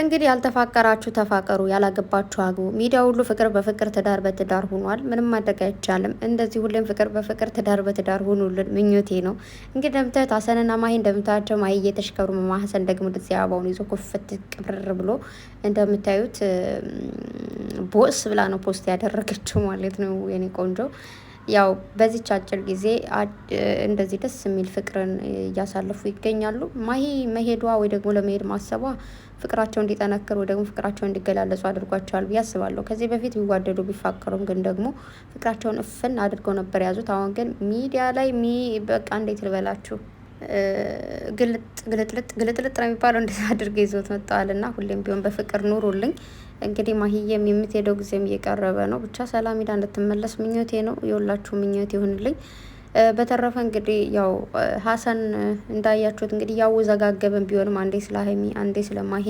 እንግዲህ ያልተፋቀራችሁ ተፋቀሩ፣ ያላገባችሁ አግቡ። ሚዲያ ሁሉ ፍቅር በፍቅር ትዳር በትዳር ሆኗል። ምንም ማድረግ አይቻልም። እንደዚህ ሁሌም ፍቅር በፍቅር ትዳር በትዳር ሆኑልን ምኞቴ ነው። እንግዲህ እንደምታዩት ሀሰንና ማሂ እንደምታያቸው ማሂ እየተሽከሩ ማህሰን ደግሞ እንደዚህ አበባውን ይዞ ኩፍት ቅብርር ብሎ እንደምታዩት ቦስ ብላ ነው ፖስት ያደረገችው ማለት ነው የኔ ቆንጆ ያው በዚች አጭር ጊዜ እንደዚህ ደስ የሚል ፍቅርን እያሳለፉ ይገኛሉ። ማሂ መሄዷ ወይ ደግሞ ለመሄድ ማሰቧ ፍቅራቸው እንዲጠነክር ወይ ደግሞ ፍቅራቸው እንዲገላለጹ አድርጓቸዋል ብዬ አስባለሁ። ከዚህ በፊት ቢዋደዱ ቢፋቀሩም ግን ደግሞ ፍቅራቸውን እፍን አድርገው ነበር ያዙት። አሁን ግን ሚዲያ ላይ ሚ በቃ እንዴት ልበላችሁ ግል ግልጥልጥ ግልጥልጥ ነው የሚባለው እንደዛ አድርገ ይዞት መጥተዋል። ሁሌም ቢሆን በፍቅር ኑሩልኝ። እንግዲህ ማሂዬም የምትሄደው ጊዜም እየቀረበ ነው። ብቻ ሰላሚዳ እንድትመለስ ምኞቴ ነው። የሁላችሁ ምኞት ይሁንልኝ። በተረፈ እንግዲህ ያው ሀሰን እንዳያችሁት እንግዲህ ያወዘጋገበን ቢሆንም አንዴ ስለ ሀይሚ አንዴ ስለ ማሂ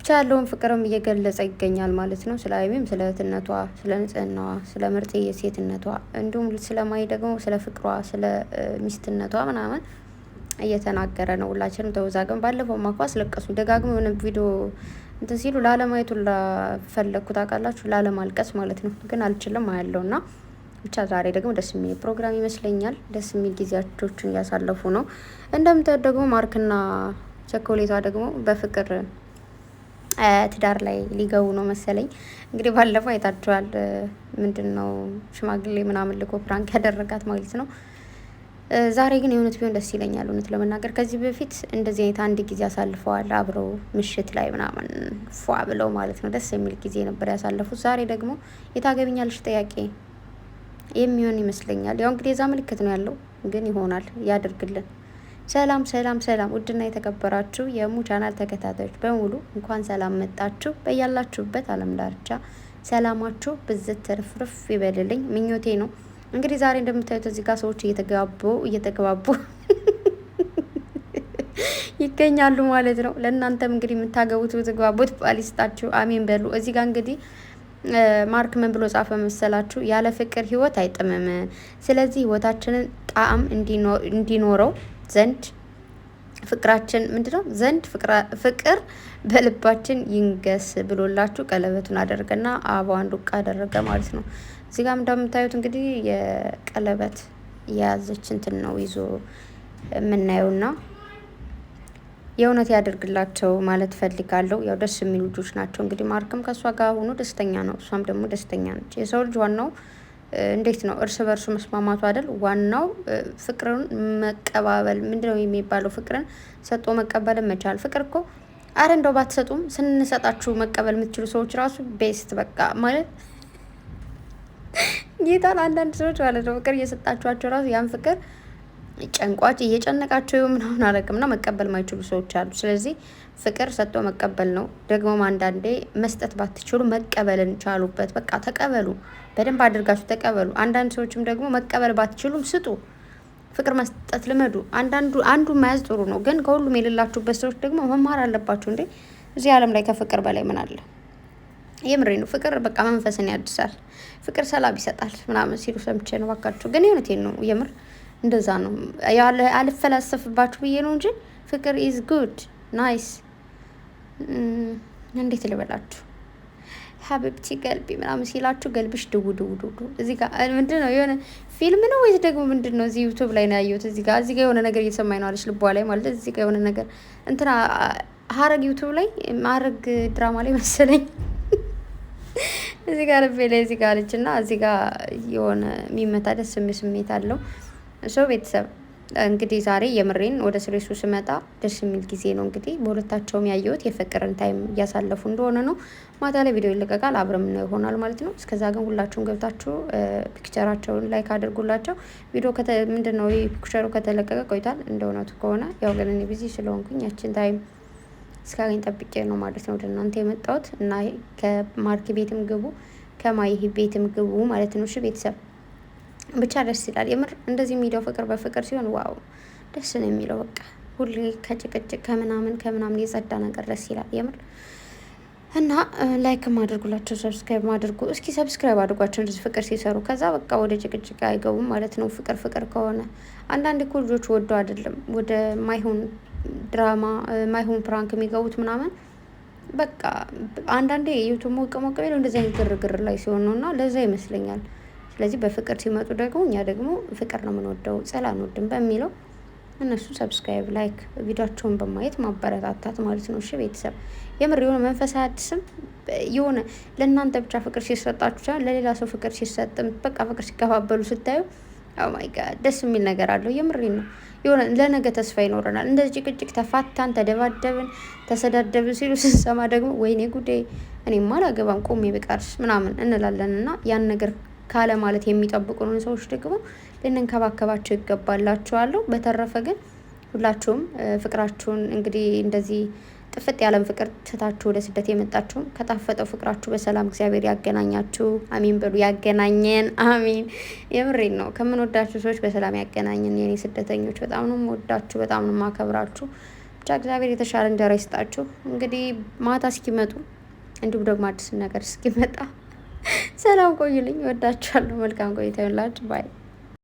ብቻ ያለውን ፍቅርም እየገለጸ ይገኛል ማለት ነው። ስለ ሀይሚም ስለ እህትነቷ፣ ስለ ንጽህናዋ፣ ስለ ምርጥ የሴትነቷ እንዲሁም ስለ ማሂ ደግሞ ስለ ፍቅሯ፣ ስለ ሚስትነቷ ምናምን እየተናገረ ነው። ሁላችንም ተወዛገን። ባለፈው ማኳ አስለቀሱ ደጋግሞ የሆነ ቪዲዮ እንትን ሲሉ ላለማየቱ ላፈለግኩት አውቃላችሁ፣ ላለማልቀስ ማለት ነው። ግን አልችልም አያለው እና ብቻ ዛሬ ደግሞ ደስ የሚል ፕሮግራም ይመስለኛል። ደስ የሚል ጊዜያቶቹን እያሳለፉ ነው። እንደምታዩት ደግሞ ማርክና ቸኮሌቷ ደግሞ በፍቅር ትዳር ላይ ሊገቡ ነው መሰለኝ። እንግዲህ ባለፈው አይታችኋል። ምንድን ነው ሽማግሌ ምናምን ልኮ ፕራንክ ያደረጋት ማለት ነው። ዛሬ ግን የእውነት ቢሆን ደስ ይለኛል። እውነት ለመናገር ከዚህ በፊት እንደዚህ አይነት አንድ ጊዜ አሳልፈዋል አብረው ምሽት ላይ ምናምን ፏ ብለው ማለት ነው። ደስ የሚል ጊዜ ነበር ያሳለፉት። ዛሬ ደግሞ የታገቢኛለሽ ጥያቄ የሚሆን ይመስለኛል። ያው እንግዲህ የዛ ምልክት ነው ያለው፣ ግን ይሆናል ያደርግልን። ሰላም ሰላም ሰላም! ውድና የተከበራችሁ የሙ ቻናል ተከታታዮች በሙሉ እንኳን ሰላም መጣችሁ። በያላችሁበት አለም ዳርቻ ሰላማችሁ ብዝት ትርፍርፍ ይበልልኝ ምኞቴ ነው። እንግዲህ ዛሬ እንደምታዩት እዚህ ጋር ሰዎች እየተጋቡ እየተገባቡ ይገኛሉ ማለት ነው። ለእናንተም እንግዲህ የምታገቡት ትግባቡት ባል ይስጣችሁ፣ አሜን በሉ። እዚህ ጋር እንግዲህ ማርክ ምን ብሎ ጻፈ መሰላችሁ? ያለ ፍቅር ህይወት አይጥምም። ስለዚህ ህይወታችንን ጣዕም እንዲኖረው ዘንድ ፍቅራችን ምንድነው ዘንድ ፍቅር በልባችን ይንገስ ብሎላችሁ ቀለበቱን አደረገና አንዱ ቃ አደረገ ማለት ነው። እዚህ ጋር እንደምታዩት እንግዲህ የቀለበት የያዘች እንትን ነው ይዞ የምናየውና የእውነት ያደርግላቸው ማለት ፈልጋለሁ። ያው ደስ የሚሉ ልጆች ናቸው። እንግዲህ ማርክም ከእሷ ጋር ሆኖ ደስተኛ ነው፣ እሷም ደግሞ ደስተኛ ነች። የሰው ልጅ ዋናው እንዴት ነው እርስ በርሱ መስማማቱ አይደል? ዋናው ፍቅርን መቀባበል ምንድነው የሚባለው? ፍቅርን ሰጦ መቀበልን መቻል። ፍቅር እኮ አረ እንደው ባትሰጡም ስንሰጣችሁ መቀበል የምትችሉ ሰዎች ራሱ ቤስት በቃ ማለት ጌታን አንዳንድ ሰዎች ማለት ነው ፍቅር እየሰጣችኋቸው ራሱ ያን ፍቅር ጨንቋጭ እየጨነቃቸው ምናምን ነው መቀበል ማይችሉ ሰዎች አሉ። ስለዚህ ፍቅር ሰጥቶ መቀበል ነው። ደግሞም አንዳንዴ መስጠት ባትችሉ መቀበልን ቻሉበት። በቃ ተቀበሉ፣ በደንብ አድርጋችሁ ተቀበሉ። አንዳንድ ሰዎችም ደግሞ መቀበል ባትችሉም ስጡ፣ ፍቅር መስጠት ልመዱ። አንዳንዱ አንዱ መያዝ ጥሩ ነው፣ ግን ከሁሉም የሌላችሁበት ሰዎች ደግሞ መማር አለባችሁ። እንዴ እዚህ ዓለም ላይ ከፍቅር በላይ ምን አለ? የምሬ ነው። ፍቅር በቃ መንፈስን ያድሳል፣ ፍቅር ሰላም ይሰጣል ምናምን ሲሉ ሰምቼ ነው። ባካችሁ ግን የእውነቴን ነው የምር እንደዛ ነው አልፈላሰፍባችሁ ብዬ ነው እንጂ ፍቅር ኢዝ ጉድ ናይስ። እንዴት ልበላችሁ ሀብብቲ ገልቢ ምናምን ሲላችሁ ገልብሽ ድው ድው ድው እዚህ ጋር ምንድን ነው የሆነ ፊልም ነው ወይስ ደግሞ ምንድን ነው? እዚህ ዩቱብ ላይ ነው ያየሁት። እዚህ ጋር እዚህ ጋር የሆነ ነገር እየሰማኝ ነው አለች ልቧ ላይ ማለት እዚህ ጋር የሆነ ነገር እንትና ሀረግ ዩቱብ ላይ ማረግ ድራማ ላይ መሰለኝ እዚህ ጋር ልቤ ላይ እዚህ ጋር አለች እና እዚህ ጋር የሆነ የሚመታ ደስ የሚል ስሜት አለው። እሶ ቤተሰብ እንግዲህ ዛሬ የምሬን ወደ ስሬሱ ስመጣ ደስ የሚል ጊዜ ነው። እንግዲህ በሁለታቸውም ያየሁት የፍቅርን ታይም እያሳለፉ እንደሆነ ነው። ማታ ላይ ቪዲዮ ይለቀቃል፣ አብረም ነው ይሆናል ማለት ነው። እስከዛ ግን ሁላችሁም ገብታችሁ ፒክቸራቸውን ላይክ አድርጉላቸው። ቪዲዮ ምንድን ነው ፒክቸሩ ከተለቀቀ ቆይቷል እንደ እውነቱ ከሆነ ያው ግን እኔ ቢዚ ስለሆንኩኝ ያችን ታይም እስካገኝ ጠብቄ ነው ማለት ነው ወደ እናንተ የመጣሁት እና ከማርክ ቤትም ግቡ ከማይህ ቤትም ግቡ ማለት ነው። እሺ ቤተሰብ ብቻ ደስ ይላል የምር እንደዚህ የሚለው ፍቅር በፍቅር ሲሆን ዋው ደስ ነው የሚለው። በቃ ሁሌ ከጭቅጭቅ ከምናምን ከምናምን የጸዳ ነገር ደስ ይላል የምር እና ላይክ ማድርጉላቸው ሰብስክራይብ ማድርጉ። እስኪ ሰብስክራይብ አድርጓቸው እንደዚህ ፍቅር ሲሰሩ፣ ከዛ በቃ ወደ ጭቅጭቅ አይገቡም ማለት ነው። ፍቅር ፍቅር ከሆነ አንዳንድ እኮ ልጆች ወዶ አይደለም ወደ ማይሆን ድራማ ማይሆን ፕራንክ የሚገቡት ምናምን በቃ አንዳንዴ ሞቅ ሞቀ ሞቀ እንደዚህ አይነት ግርግር ላይ ሲሆን ነው እና ለዛ ይመስለኛል ስለዚህ በፍቅር ሲመጡ ደግሞ እኛ ደግሞ ፍቅር ነው የምንወደው ጸል አንወድም በሚለው እነሱ ሰብስክራይብ፣ ላይክ ቪዲዮቸውን በማየት ማበረታታት ማለት ነው። እሺ ቤተሰብ የምር የሆነ መንፈሳዊ አዲስም የሆነ ለእናንተ ብቻ ፍቅር ሲሰጣችሁ ለሌላ ሰው ፍቅር ሲሰጥም በቃ ፍቅር ሲከፋበሉ ስታዩ ማይ oh ጋድ ደስ የሚል ነገር አለው። የምሬ ነው። የሆነ ለነገ ተስፋ ይኖረናል። እንደዚህ ጭቅጭቅ ተፋታን፣ ተደባደብን፣ ተሰዳደብን ሲሉ ስንሰማ ደግሞ ወይኔ ጉዴ እኔማ አላገባም ቆሜ ብቀርስ ምናምን እንላለንና ያን ነገር ካለ ማለት የሚጠብቁን ሰዎች ደግሞ ልንንከባከባቸው ይገባላችኋለሁ። በተረፈ ግን ሁላችሁም ፍቅራችሁን እንግዲህ እንደዚህ ጥፍጥ ያለም ፍቅር ትታችሁ ወደ ስደት የመጣችሁም ከጣፈጠው ፍቅራችሁ በሰላም እግዚአብሔር ያገናኛችሁ። አሚን በሉ። ያገናኘን። አሚን። የምሬን ነው። ከምንወዳችሁ ሰዎች በሰላም ያገናኘን። የኔ ስደተኞች በጣም ነው ወዳችሁ፣ በጣም ነው ማከብራችሁ። ብቻ እግዚአብሔር የተሻለ እንጀራ ይስጣችሁ። እንግዲህ ማታ እስኪመጡ እንዲሁም ደግሞ አዲስ ነገር እስኪመጣ ሰላም ቆዩልኝ። ወዳችኋለሁ። መልካም ቆይታ ይሁንላችሁ። ባይ